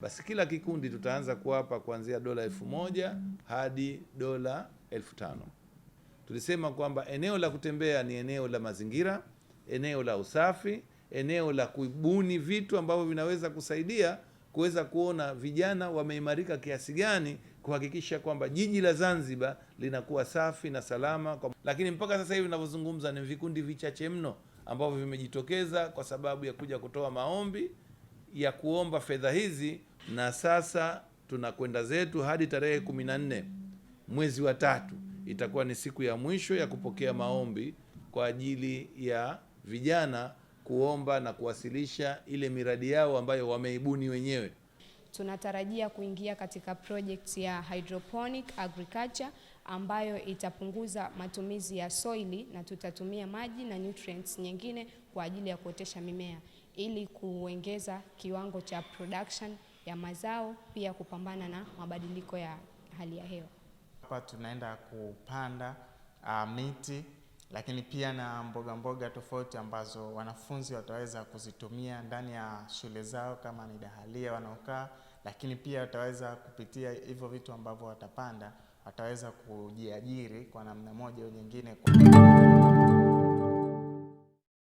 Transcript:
Basi kila kikundi tutaanza kuwapa kuanzia dola elfu moja hadi dola elfu tano. Tulisema kwamba eneo la kutembea ni eneo la mazingira, eneo la usafi, eneo la kubuni vitu ambavyo vinaweza kusaidia kuweza kuona vijana wameimarika kiasi gani kuhakikisha kwamba jiji la Zanzibar linakuwa safi na salama. Lakini mpaka sasa hivi ninavyozungumza ni vikundi vichache mno ambavyo vimejitokeza kwa sababu ya kuja kutoa maombi ya kuomba fedha hizi na sasa tunakwenda zetu hadi tarehe kumi na nne mwezi wa tatu itakuwa ni siku ya mwisho ya kupokea maombi kwa ajili ya vijana kuomba na kuwasilisha ile miradi yao ambayo wameibuni wenyewe. Tunatarajia kuingia katika project ya hydroponic agriculture ambayo itapunguza matumizi ya soili na tutatumia maji na nutrients nyingine kwa ajili ya kuotesha mimea ili kuongeza kiwango cha production ya mazao, pia kupambana na mabadiliko ya hali ya hewa. Hapa tunaenda kupanda uh, miti lakini pia na mboga mboga tofauti ambazo wanafunzi wataweza kuzitumia ndani ya shule zao kama ni dahalia wanaokaa, lakini pia wataweza kupitia hivyo vitu ambavyo watapanda wataweza kujiajiri kwa namna moja au nyingine kwa...